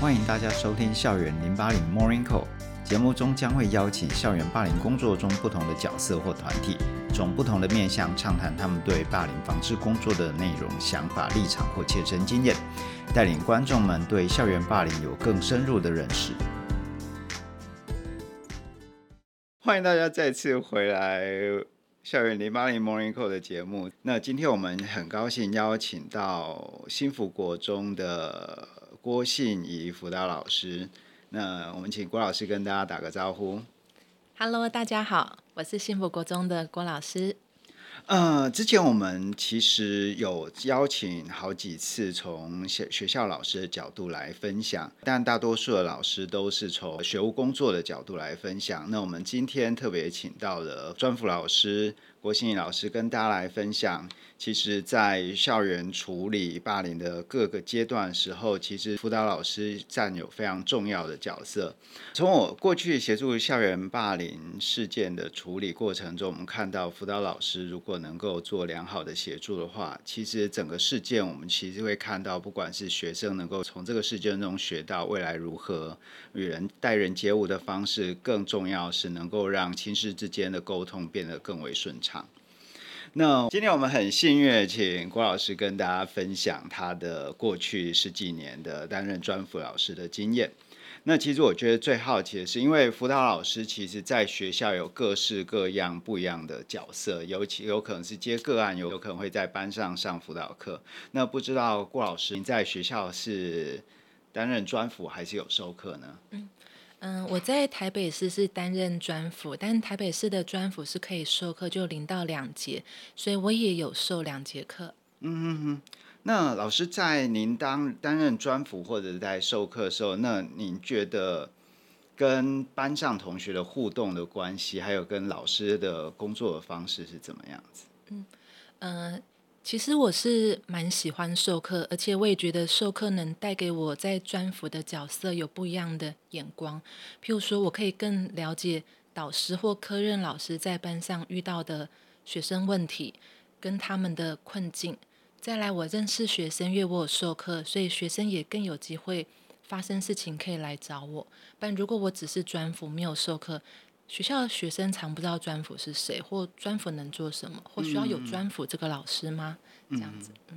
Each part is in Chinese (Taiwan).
歡迎大家收聽《校園零霸凌 Morning Call》節目中，將會邀請校園霸凌工作中不同的角色或團體，從不同的面向暢談他們對霸凌防治工作的內容、想法、立場或切身經驗，帶領觀眾們對校園霸凌有更深入的認識。歡迎大家再次回來《校園零霸凌 Morning Call》的節目。那今天我們很高興邀請到興福國中的郭幸怡輔導老師，那我們請郭老師跟大家打個招呼。Hello，大家好，我是興福國中的郭老師。呃，之前我們其實有邀請好幾次從學學校老師的角度來分享，但大多數的老師都是從學務工作的角度來分享。那我們今天特別請到了專輔老師。郭幸怡老師跟大家來分享，其實，在校園處理霸凌的各個階段時候，其實輔導老師占有非常重要的角色。從我過去協助校園霸凌事件的處理過程中，我們看到輔導老師如果能夠做良好的協助的話，其實整個事件我們其實會看到，不管是學生能夠從這個事件中學到未來如何與人待人接物的方式，更重要是能夠讓親師之間的溝通變得更為順暢。那今天我們很幸運，請郭老師跟大家分享他的過去十幾年的擔任專輔老師的經驗。那其實我覺得最好奇的是，因為輔導老師其實在學校有各式各樣不一樣的角色，尤其有可能是接個案，有可能會在班上上輔導課。那不知道郭老師您在學校是擔任專輔還是有授課呢？嗯嗯，我在台北市是擔任專輔，但是台北市的專輔是可以授課，就零到兩節，所以我也有授兩節課。嗯嗯嗯，那老師在您當擔任專輔或者在授課的時候，那您覺得跟班上同學的互動的關係，還有跟老師的工作的方式是怎麼樣子？嗯嗯。呃其實我是蠻喜歡授課，而且我也覺得授課能帶給我在專輔的角色有不一樣的眼光。譬如說，我可以更了解導師或科任老師在班上遇到的學生問題跟他們的困境。再來，我認識學生，因為我有授課，所以學生也更有機會發生事情可以來找我。但如果我只是專輔沒有授課。學校的學生常不知道專輔是誰，或專輔能做什麼，或需要有專輔這個老師嗎？嗯，這樣子，嗯，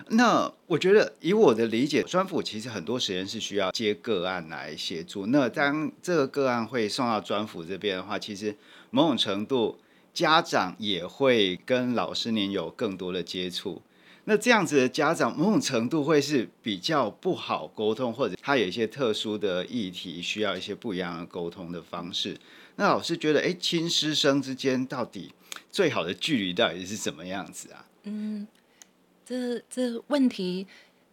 嗯，那我覺得以我的理解，專輔其實很多時間是需要接個案來協助。那當這個個案會送到專輔這邊的話，其實某種程度家長也會跟老師您有更多的接觸。那這樣子的家長，某種程度會是比較不好溝通，或者他有一些特殊的議題，需要一些不一樣的溝通的方式。那老師覺得，哎，親師生之間到底最好的距離到底是什麼樣子啊？嗯，這這問題，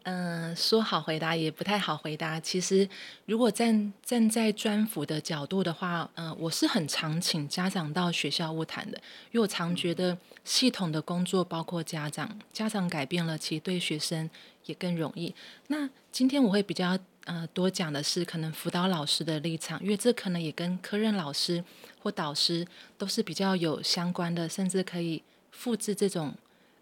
嗯、呃，說好回答也不太好回答。其實，如果站站在專輔的角度的話，嗯、呃，我是很常請家長到學校晤談的，因為我常覺得系統的工作包括家長，家長改變了，其實對學生也更容易。那今天我會比較。呃，多講的是可能輔導老師的立場，因為這可能也跟科任老師或導師都是比較有相關的，甚至可以複製這種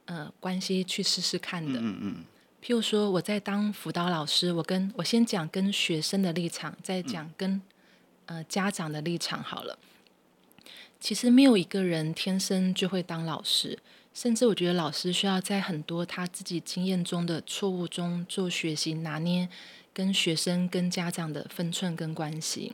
呃關係去試試看的。嗯，嗯，嗯。譬如說，我在當輔導老師，我跟我先講跟學生的立場，再講跟、嗯、呃家長的立場好了。其實沒有一個人天生就會當老師，甚至我覺得老師需要在很多他自己經驗中的錯誤中做學習拿捏跟學生、跟家長的分寸跟關係，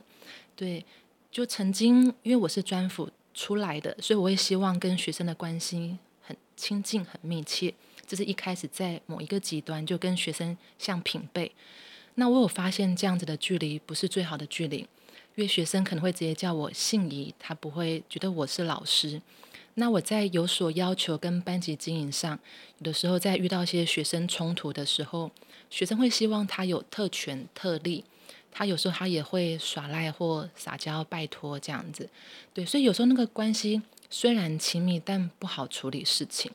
對，就曾經因為我是專輔出來的，所以我也希望跟學生的關係很親近、很密切。這是一開始在某一個極端，就跟學生像平輩。那我有發現這樣子的距離不是最好的距離，因為學生可能會直接叫我幸怡，他不會覺得我是老師。那我在有所要求跟班級經營上，有的時候在遇到一些學生衝突的時候，學生會希望他有特權特例，他有時候他也會耍賴或撒嬌拜託這樣子，對，所以有時候那個關係雖然親密，但不好處理事情。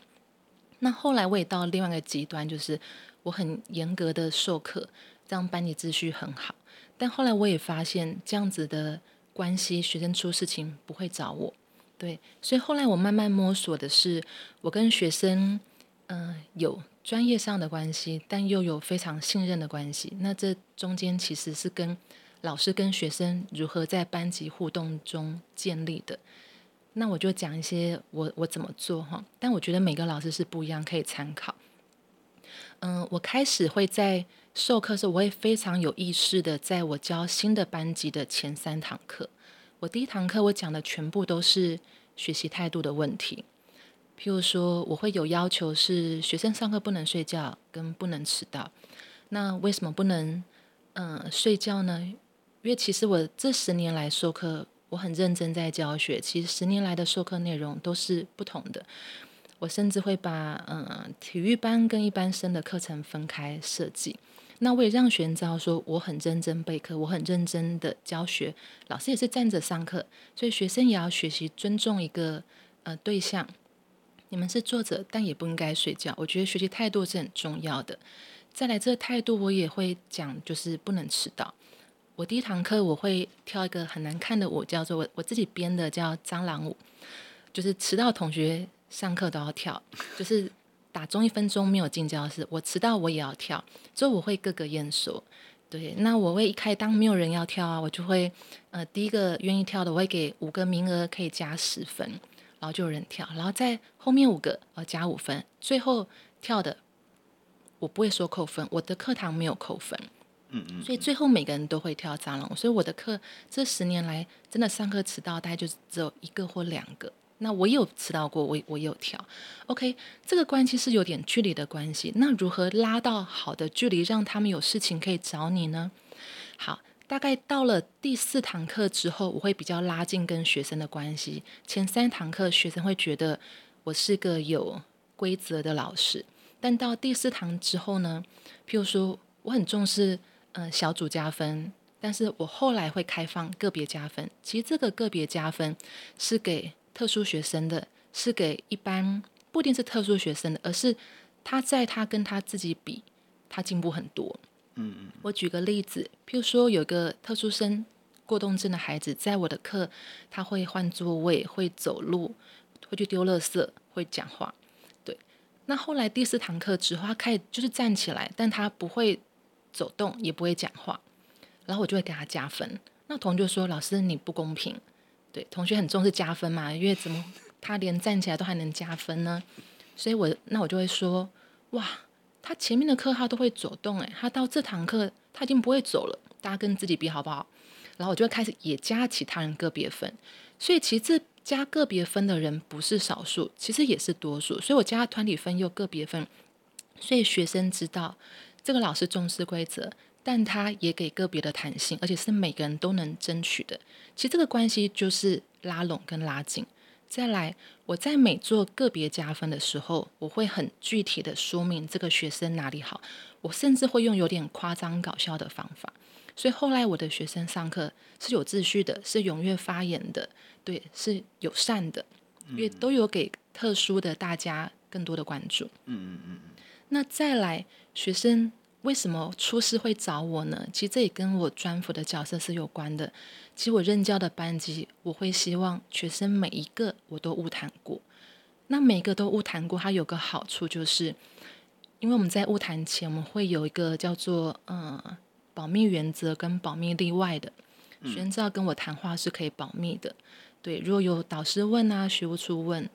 那後來我也到另外一個極端，就是我很嚴格的授課，這樣班級秩序很好。但後來我也發現，這樣子的關係，學生出事情不會找我，對，所以後來我慢慢摸索的是，我跟學生，嗯、呃，有。專業上的關係，但又有非常信任的關係。那這中間其實是跟老師跟學生如何在班級互動中建立的。那我就講一些我我怎麼做哈，但我覺得每個老師是不一樣，可以參考。嗯、呃，我開始會在授課的時候，我也非常有意識的，在我教新的班級的前三堂課，我第一堂課我講的全部都是學習態度的問題。譬如說，我會有要求是學生上課不能睡覺，跟不能遲到。那為什麼不能嗯、呃、睡覺呢？因為其實我這十年來授課，我很認真在教學。其實十年來的授課內容都是不同的。我甚至會把嗯、呃、體育班跟一般生的課程分開設計。那我也讓學生知道說，我很認真備課，我很認真的教學，老師也是站着上課，所以學生也要學習尊重一個呃對象。你們是坐着，但也不應該睡覺。我覺得學習態度是很重要的。再來，這個態度我也會講，就是不能遲到。我第一堂課我會跳一個很難看的舞，叫做我我自己編的，叫蟑螂舞。就是遲到同學上課都要跳，就是打鐘一分鐘沒有進教室，我遲到我也要跳。所以我會各個驗收。對，那我會一開，當沒有人要跳啊，我就會，呃，第一個願意跳的，我會給五個名額，可以加十分。然後就有人跳，然後在後面五個呃加五分，最後跳的我不會說扣分，我的課堂沒有扣分，嗯，嗯嗯，所以最後每個人都會跳蟑螂，所以我的課這十年來真的上課遲到，大概就只有一個或兩個。那我有遲到過，我我有跳。OK，這個關係是有點距離的關係，那如何拉到好的距離，讓他們有事情可以找你呢？好。大概到了第四堂課之後，我會比較拉近跟學生的關係。前三堂課學生會覺得我是個有規則的老師，但到第四堂之後呢，譬如說我很重視嗯、呃、小組加分，但是我後來會開放個別加分。其實這個個別加分是給特殊學生的，是給一般不一定是特殊學生的，而是他在他跟他自己比，他進步很多。嗯嗯，我舉個例子，譬如說有一個特殊生，過動症的孩子，在我的課，他會換座位，會走路，會去丟垃圾，會講話，對。那後來第四堂課，只花開始就是站起來，但他不會走動，也不會講話，然後我就會給他加分。那同學就說：“老師，你不公平。”對，同學很重視加分嘛，因為怎麼他連站起來都還能加分呢？所以我，我那我就會說：“哇。”他前面的課他都會走動，哎，他到這堂課他已經不會走了。大家跟自己比好不好？然後我就會開始也加其他人個別分，所以其實這加個別分的人不是少數，其實也是多數。所以我加團體分又個別分，所以學生知道這個老師重視規則，但他也給個別的彈性，而且是每個人都能爭取的。其實這個關係就是拉攏跟拉緊。再來，我在每做個別加分的時候，我會很具體的說明這個學生哪裡好，我甚至會用有點誇張搞笑的方法。所以後來我的學生上課是有秩序的，是踴躍發言的，對，是友善的，因為都有給特殊的大家更多的關注。嗯嗯嗯。那再來，學生。為什麼出師會找我呢？其實這也跟我專輔的角色是有關的。其實我任教的班級，我會希望學生每一個我都晤談過。那每一個都晤談過，它有個好處就是，因為我們在晤談前，我們會有一個叫做嗯、呃、保密原則跟保密例外的，學生只要跟我談話是可以保密的。對，如果有導師問啊，學務處問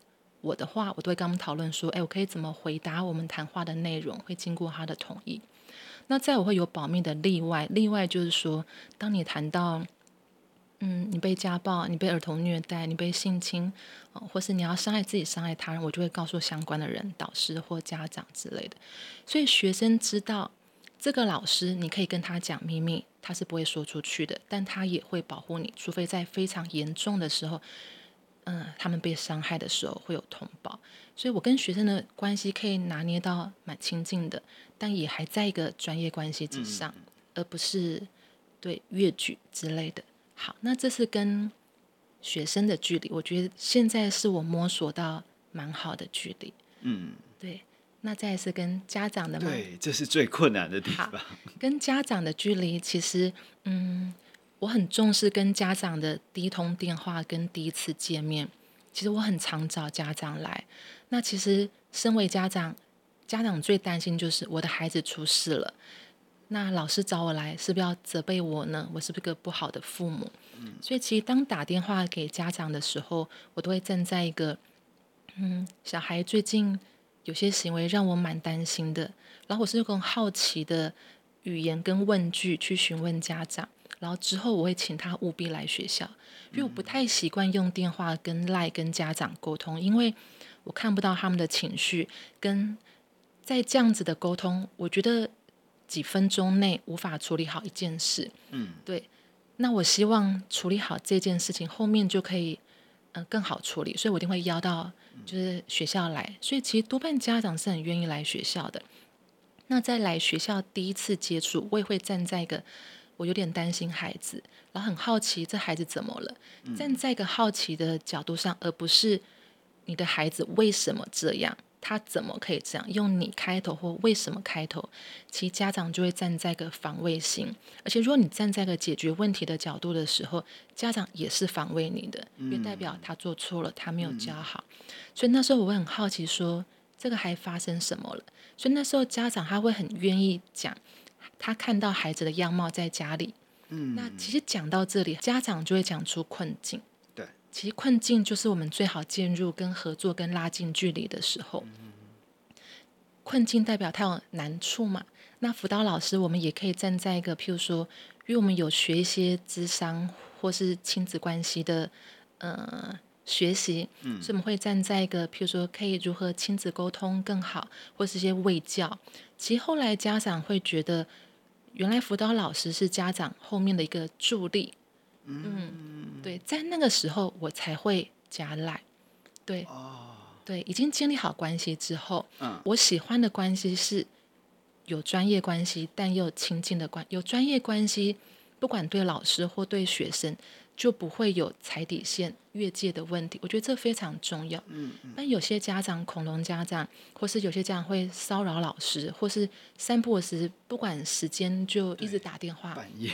我的話，我都會跟他們討論說，哎，我可以怎麼回答我們談話的內容，會經過他的同意。那在我會有保密的例外，例外就是說，當你談到，嗯，你被家暴，你被兒童虐待，你被性侵，或是你要傷害自己、傷害他人，我就會告訴相關的人、導師或家長之類的。所以學生知道，這個老師你可以跟他講秘密，他是不會說出去的，但他也會保護你，除非在非常嚴重的時候，嗯、呃，他們被傷害的時候會有通報。所以，我跟學生的關係可以拿捏到蠻親近的，但也還在一個專業關係之上，嗯，而不是對逾矩之類的。好，那這是跟學生的距離，我覺得現在是我摸索到蠻好的距離。嗯，對。那再是跟家長的，對，這是最困難的地方。跟家長的距離，其實，嗯，我很重視跟家長的第一通電話跟第一次見面。其實我很常找家長來，那其實身為家長，家長最擔心就是我的孩子出事了。那老師找我來，是不是要責備我呢？我是不是一個不好的父母？所以其實當打電話給家長的時候，我都會站在一個，嗯，小孩最近有些行為讓我蠻擔心的，然後我是用好奇的語言跟問句去詢問家長。然後之後我會請他務必來學校，因為我不太習慣用電話跟 LINE 跟家長溝通，因為我看不到他們的情緒，跟在這樣子的溝通，我覺得幾分鐘內無法處理好一件事。嗯，對。那我希望處理好這件事情，後面就可以嗯、呃、更好處理，所以我一定會邀到就是學校來。所以其實多半家長是很願意來學校的。那在來學校第一次接觸，我也會站在一個。我有點擔心孩子，然後很好奇這孩子怎麼了。站在一個好奇的角度上、嗯，而不是你的孩子為什麼這樣，他怎麼可以這樣？用你開頭或為什麼開頭，其實家長就會站在一個防衛性。而且，如果你站在一個解決問題的角度的時候，家長也是防衛你的，因為代表他做錯了，他沒有教好、嗯。所以那時候我會很好奇說，說這個還發生什麼了？所以那時候家長他會很願意講。他看到孩子的樣貌在家裡，嗯，那其實講到這裡，家長就會講出困境。對，其實困境就是我們最好介入、跟合作、跟拉近距離的時候。困境代表他有難處嘛？那輔導老師，我們也可以站在一個，譬如說，因為我們有學一些諮商或是親子關係的，呃。學習，所以我們會站在一個，譬如說，可以如何親子溝通更好，或是一些衛教。其實後來家長會覺得，原來輔導老師是家長後面的一個助力。嗯，嗯對，在那個時候我才會加賴。對、哦，對，已經建立好關係之後，嗯，我喜歡的關係是有專業關係但又親近的關，有專業關係，不管對老師或對學生，就不會有踩底線越界的問題，我覺得這非常重要。嗯。但有些家長，恐龍家長，或是有些家長會騷擾老師，或是散步時不管時間就一直打電話。半夜。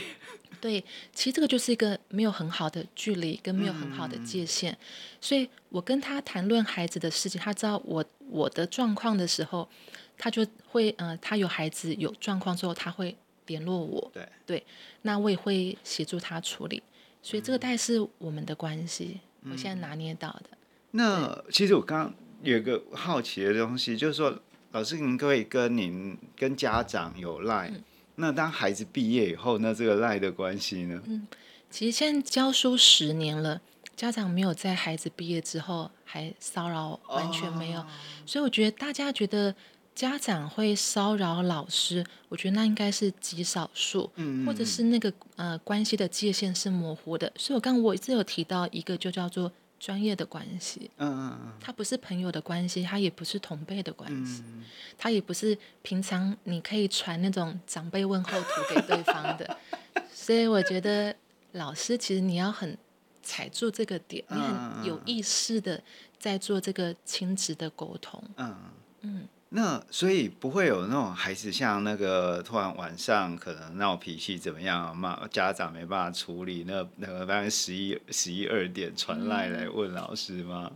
對，其實這個就是一個沒有很好的距離，跟沒有很好的界限。嗯，所以，我跟他談論孩子的事情，他知道我我的狀況的時候，他就會，呃，他有孩子有狀況之後，他會聯絡我。對對。那我也會協助他處理。所以，這個大概是我們的關係。嗯我現在拿捏到的。嗯、那其實我剛，剛有一個好奇的東西，就是說，老師您可以跟您跟家長有 LINE。嗯，那當孩子畢業以後，那這個 LINE 的關係呢？嗯。其實現在教書十年了，家長沒有在孩子畢業之後還騷擾，完全沒有。哦。所以我覺得大家覺得。家長會騷擾老師，我覺得那應該是極少數，嗯、或者是那個呃關係的界限是模糊的。所以我剛剛我一直有提到一個，就叫做專業的關係。嗯嗯，它不是朋友的關係，它也不是同輩的關係、嗯，它也不是平常你可以傳那種長輩問候圖給對方的。 所以我覺得老師其實你要很踩住這個點，嗯、你很有意識的在做這個親子的溝通。嗯嗯。那所以不會有那種孩子像那個突然晚上可能鬧脾氣怎麼樣、啊，媽家長沒辦法處理，那那個半夜十一十一二點傳賴來、嗯、來問老師嗎？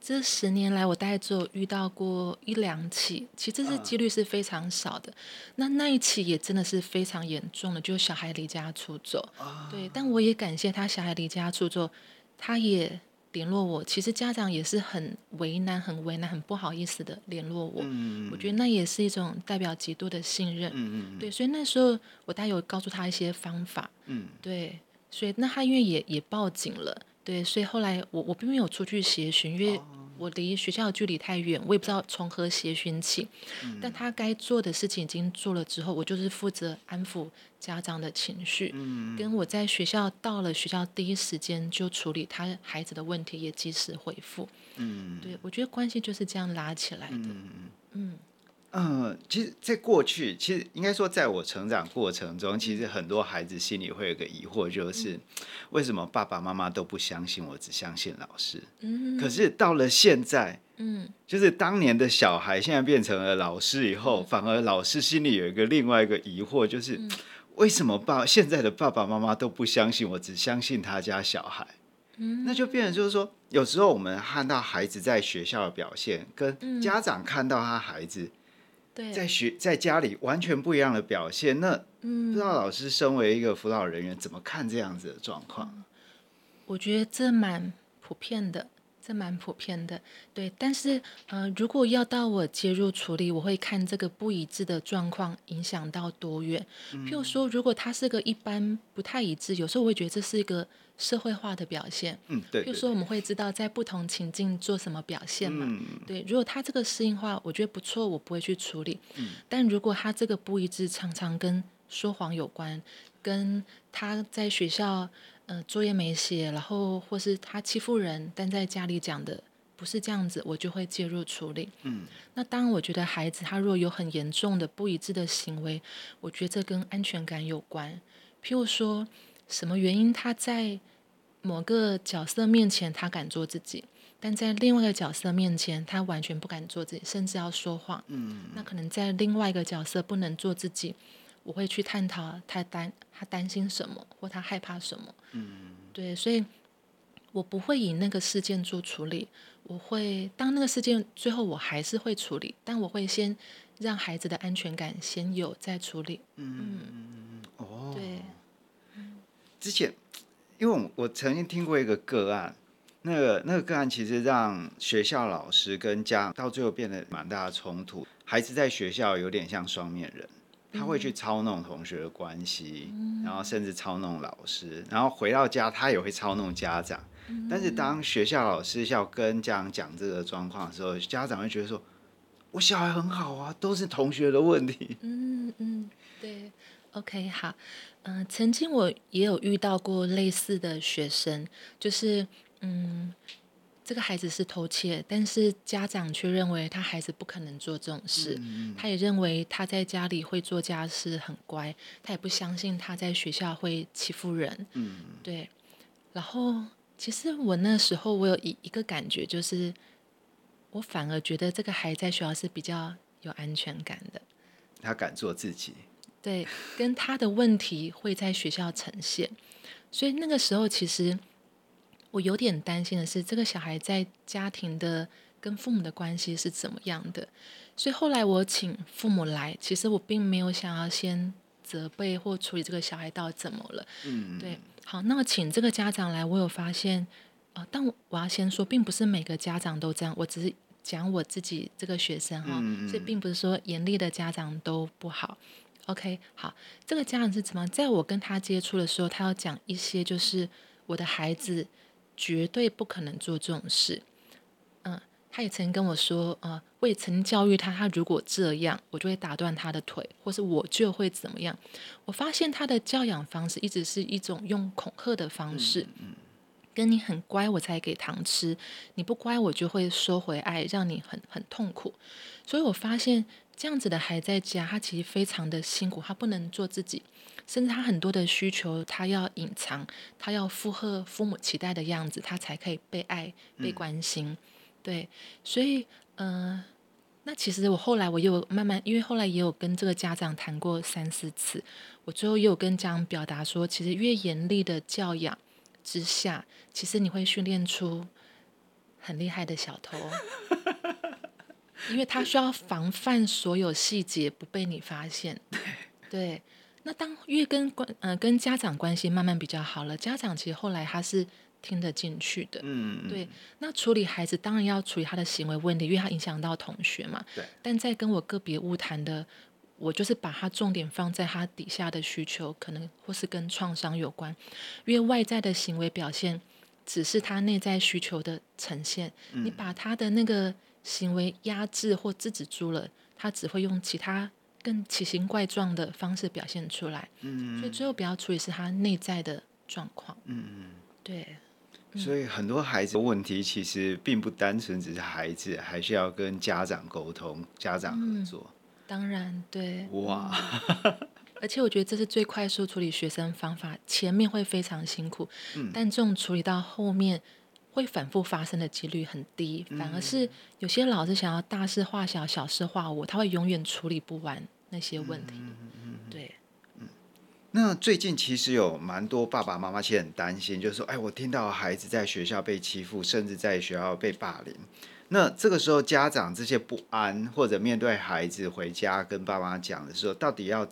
這十年來我大概只有遇到過一兩起，其實這是幾率是非常少的、啊。那那一起也真的是非常嚴重的，就是小孩離家出走。啊，對，但我也感謝他小孩離家出走，他也。聯絡我，其實家長也是很為難、很為難、很不好意思的聯絡我。嗯、我覺得那也是一種代表極度的信任。嗯嗯、對，所以那時候我大概有告訴他一些方法、嗯。對，所以那他因為也也報警了，對，所以後來我我並沒有出去協尋因為。哦我離學校距離太遠，我也不知道從何協尋起，嗯。但他該做的事情已經做了之後，我就是負責安撫家長的情緒，嗯，跟我在學校，到了學校第一時間就處理他孩子的問題，也及時回復。嗯，對，我覺得關係就是這樣拉起來的。嗯。嗯。嗯，其實，在過去，其實應該說，在我成長過程中，嗯，其實很多孩子心裡會有個疑惑，就是，嗯，為什麼爸爸媽媽都不相信我，只相信老師，嗯？可是到了現在，嗯，就是當年的小孩現在變成了老師以後，嗯，反而老師心裡有一個另外一個疑惑，就是，嗯，為什麼爸現在的爸爸媽媽都不相信我，只相信他家小孩？嗯，那就變成就是說，有時候我們看到孩子在學校的表現，跟家長看到他孩子。嗯嗯對，在學在家裡完全不一樣的表現，那不知道老師身為一個輔導人員怎麼看這樣子的狀況啊？嗯，我覺得這蠻普遍的。這蠻普遍的，對。但是，呃，如果要到我介入處理，我會看這個不一致的狀況影響到多遠。譬如說，如果他是個一般不太一致，有時候我會覺得這是一個社會化的表現。嗯，對，對，對。譬如說，我們會知道在不同情境做什麼表現嘛？嗯，對，如果他這個適應化，我覺得不錯，我不會去處理。嗯。但如果他這個不一致，常常跟說謊有關，跟他在學校，呃，作業沒寫，然後或是他欺負人，但在家裡講的不是這樣子，我就會介入處理。嗯，那當我覺得孩子他若有很嚴重的不一致的行為，我覺得這跟安全感有關。譬如說，什麼原因他在某個角色面前他敢做自己，但在另外一個角色面前他完全不敢做自己，甚至要說謊。嗯，那可能在另外一個角色不能做自己。我會去探討他擔他擔，他擔心什麼，或他害怕什麼？嗯，對，所以我不會以那個事件做處理。我會當那個事件最後，我還是會處理，但我會先讓孩子的安全感先有，再處理。嗯，嗯哦，對，嗯，之前因為我曾經聽過一個個案，那個那個個案其實讓學校老師跟家長到最後變得蠻大的衝突，孩子在學校有點像雙面人。他會去操弄同學的關係，嗯，然後甚至操弄老師，然後回到家他也會操弄家長。嗯、但是當學校老師要跟家長講這個狀況的時候，家長會覺得說：“我小孩很好啊，都是同學的問題。”嗯嗯嗯，對，OK，好，嗯、呃，曾經我也有遇到過類似的學生，就是嗯。這個孩子是偷竊，但是家長卻認為他孩子不可能做這種事，嗯嗯。他也認為他在家裡會做家事很乖，他也不相信他在學校會欺負人。嗯，對。然後其實我那時候我有一一個感覺，就是我反而覺得這個孩子在學校是比較有安全感的。他敢做自己。對，跟他的問題會在學校呈現，所以那個時候其實。我有點擔心的是，這個小孩在家庭的跟父母的關係是怎麼樣的？所以後來我請父母來，其實我並沒有想要先責備或處理這個小孩到底怎麼了。嗯、嗯對，好，那我請這個家長來，我有發現，呃，但我我要先說，並不是每個家長都這樣，我只是講我自己這個學生哈、嗯嗯，所以並不是說嚴厲的家長都不好。OK，好，這個家長是怎麼？在我跟他接觸的時候，他要講一些，就是我的孩子。絕對不可能做這種事，嗯、呃，他也曾跟我說，呃，我也曾教育他，他如果這樣，我就會打斷他的腿，或是我就會怎麼樣。我發現他的教養方式一直是一種用恐嚇的方式，跟你很乖我才給糖吃，你不乖我就會收回愛，讓你很很痛苦。所以我發現。這樣子的孩子在家，他其實非常的辛苦，他不能做自己，甚至他很多的需求，他要隱藏，他要符合父母期待的樣子，他才可以被愛、被關心。嗯、對，所以，嗯、呃，那其實我後來我也有慢慢，因為後來也有跟這個家長談過三四次，我最後也有跟家長表達說，其實越嚴厲的教養之下，其實你會訓練出很厲害的小偷。 因為他需要防範所有細節不被你發現， 對，那當越跟關呃，跟家長關係慢慢比較好了，家長其實後來他是聽得進去的，嗯嗯，對。那處理孩子當然要處理他的行為問題，因為他影響到同學嘛，對。但在跟我個別晤談的，我就是把他重點放在他底下的需求，可能或是跟創傷有關，因為外在的行為表現只是他內在需求的呈現。嗯、你把他的那個行為壓制或制止住了，他只會用其他更奇形怪狀的方式表現出來。嗯，所以最後不要處理是他內在的狀況。嗯對，嗯。所以很多孩子的問題其實並不單純只是孩子，還是要跟家長溝通、家長合作、嗯。當然，對。哇， 而且我覺得這是最快速處理學生方法，前面會非常辛苦。嗯、但這種處理到後面。會反覆發生的幾率很低，反而是有些老師想要大事化小，嗯，小事化無，他會永遠處理不完那些問題，嗯。對。嗯，那最近其實有蠻多爸爸媽媽其實很擔心，就是說，哎，我聽到孩子在學校被欺負，甚至在學校被霸凌。那這個時候，家長這些不安，或者面對孩子回家跟爸媽講的時候，到底要？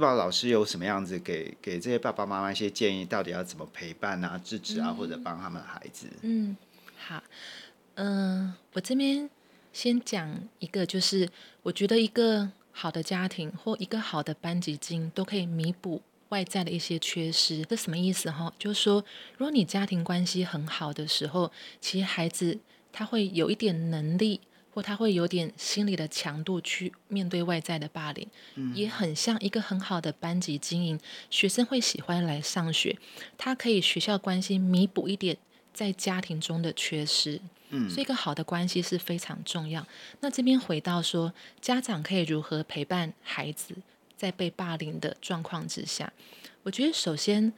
不知道老師有什麼樣子給給這些爸爸媽媽一些建議，到底要怎麼陪伴啊、支持啊，或者幫他們的孩子？嗯，嗯好，嗯、呃，我這邊先講一個，就是我覺得一個好的家庭或一個好的班級經驗都可以彌補外在的一些缺失。這什麼意思哈？就是說，如果你家庭關係很好的時候，其實孩子他會有一點能力。或他會有點心理的強度去面對外在的霸凌，也很像一個很好的班級經營，學生會喜歡來上學，他可以學校關係彌補一點在家庭中的缺失，所以一個好的關係是非常重要。那這邊回到說，家長可以如何陪伴孩子在被霸凌的狀況之下？我覺得首先，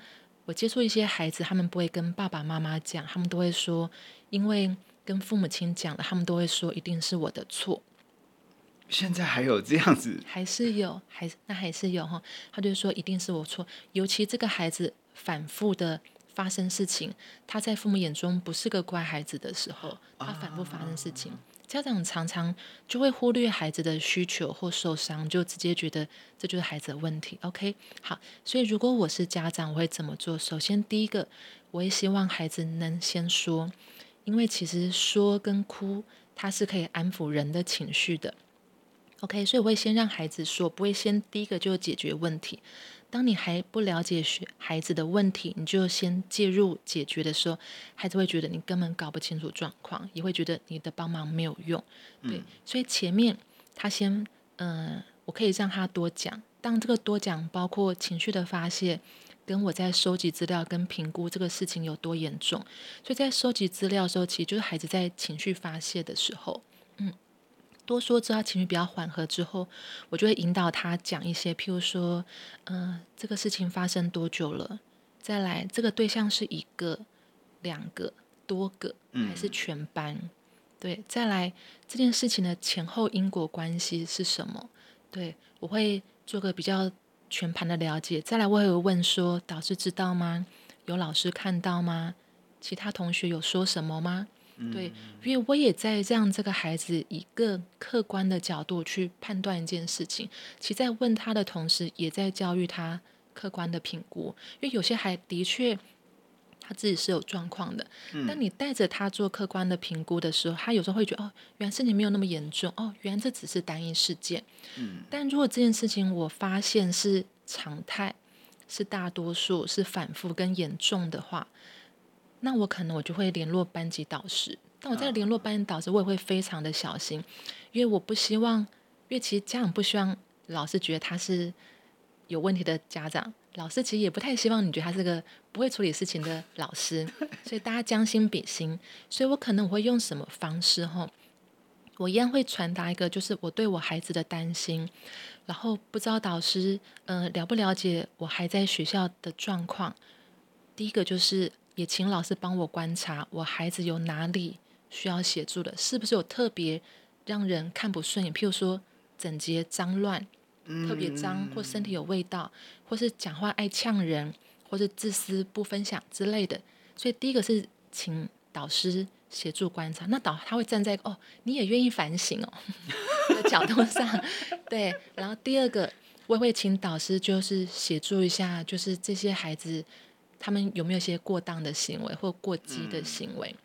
我接觸一些孩子，他們不會跟爸爸媽媽講，他們都會說，因為。跟父母親講了，他們都會說一定是我的錯。現在還有這樣子，還是有，還那還是有哈。他就說一定是我錯，尤其這個孩子反覆的發生事情，他在父母眼中不是個乖孩子的時候，他反复發生事情，uh... 家長常常就會忽略孩子的需求或受傷，就直接覺得這就是孩子的問題。OK，好，所以如果我是家長，我會怎麼做？首先，第一個，我也希望孩子能先說。因為其實說跟哭，它是可以安撫人的情緒的。OK，所以我會先讓孩子說，不會先第一個就解決問題。當你還不了解學孩子的問題，你就先介入解決的時候，孩子會覺得你根本搞不清楚狀況，也會覺得你的幫忙沒有用。對，嗯，所以前面他先，嗯，呃，我可以讓他多講。當這個多講包括情緒的發洩。跟我在收集資料跟評估這個事情有多嚴重，所以在收集資料的時候，其實就是孩子在情緒發洩的時候，嗯，多說之後情緒比較緩和之後，我就會引導他講一些，譬如說，嗯、呃，這個事情發生多久了？再來，這個對象是一個、兩個、多個，還是全班、嗯？對，再來，這件事情的前後因果關係是什麼？對，我會做個比較。全盤的了解，再來，我也會問說，導師知道嗎？有老師看到嗎？其他同學有說什麼嗎？嗯、對，因為我也在讓這個孩子以更客觀的角度去判斷一件事情。其實在問他的同時，也在教育他客觀的評估。因為有些孩的確。他自己是有狀況的，嗯，但你帶着他做客觀的評估的時候，他有時候會覺得哦，原來事情沒有那麼嚴重，哦，原來這只是單一事件。嗯，但如果這件事情我發現是常態，是大多數，是反複跟嚴重的話，那我可能我就會聯絡班級導師。但我在聯絡班級導師，我也會非常的小心，因為我不希望，因為其實家長不希望老師覺得他是。有問題的家長、老師其實也不太希望你覺得他是個不會處理事情的老師，所以大家將心比心。所以我可能我會用什麼方式吼，我一樣會傳達一個，就是我對我孩子的擔心。然後不知道導師，嗯、呃，了不了解我孩子在學校的狀況？第一個就是也請老師幫我觀察我孩子有哪裡需要協助的，是不是有特別讓人看不順眼？譬如說整潔、髒亂。特別髒，或身體有味道，或是講話愛嗆人，或是自私不分享之類的。所以第一個是請導師協助觀察，那導他會站在一個哦，你也願意反省哦 的角度上，對。然後第二個，我會請導師就是協助一下，就是這些孩子他們有沒有一些過當的行為或過激的行為。嗯。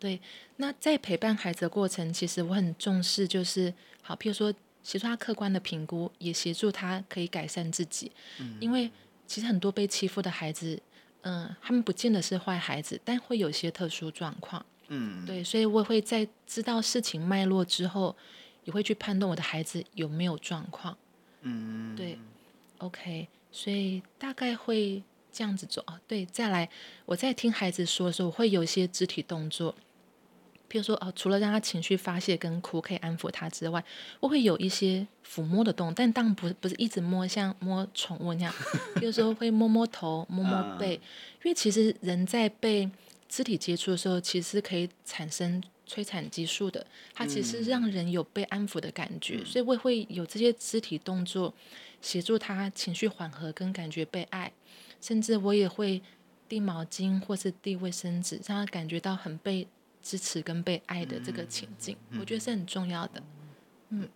對，那在陪伴孩子的過程，其實我很重視，就是好，譬如說。協助他客觀的評估，也協助他可以改善自己。嗯、因為其實很多被欺負的孩子，嗯、呃，他們不見得是壞孩子，但會有些特殊狀況。嗯，對，所以我會在知道事情脈絡之後，也會去判斷我的孩子有沒有狀況。嗯，對。OK，所以大概會這樣子做哦、啊，對，再來，我在聽孩子說的時候，我會有些肢體動作。譬如說，哦，除了讓他情緒發洩跟哭可以安撫他之外，我會有一些撫摸的動作，但當然不不是一直摸，像摸寵物那樣，譬如說會摸摸頭、 摸摸背，因為其實人在被肢體接觸的時候，其實可以產生催產激素的，它其實讓人有被安撫的感覺，嗯、所以我也會有這些肢體動作協助他情緒緩和跟感覺被愛，甚至我也會遞毛巾或是遞衛生紙，讓他感覺到很被。支持跟被愛的這個情境，嗯，我覺得是很重要的。嗯。嗯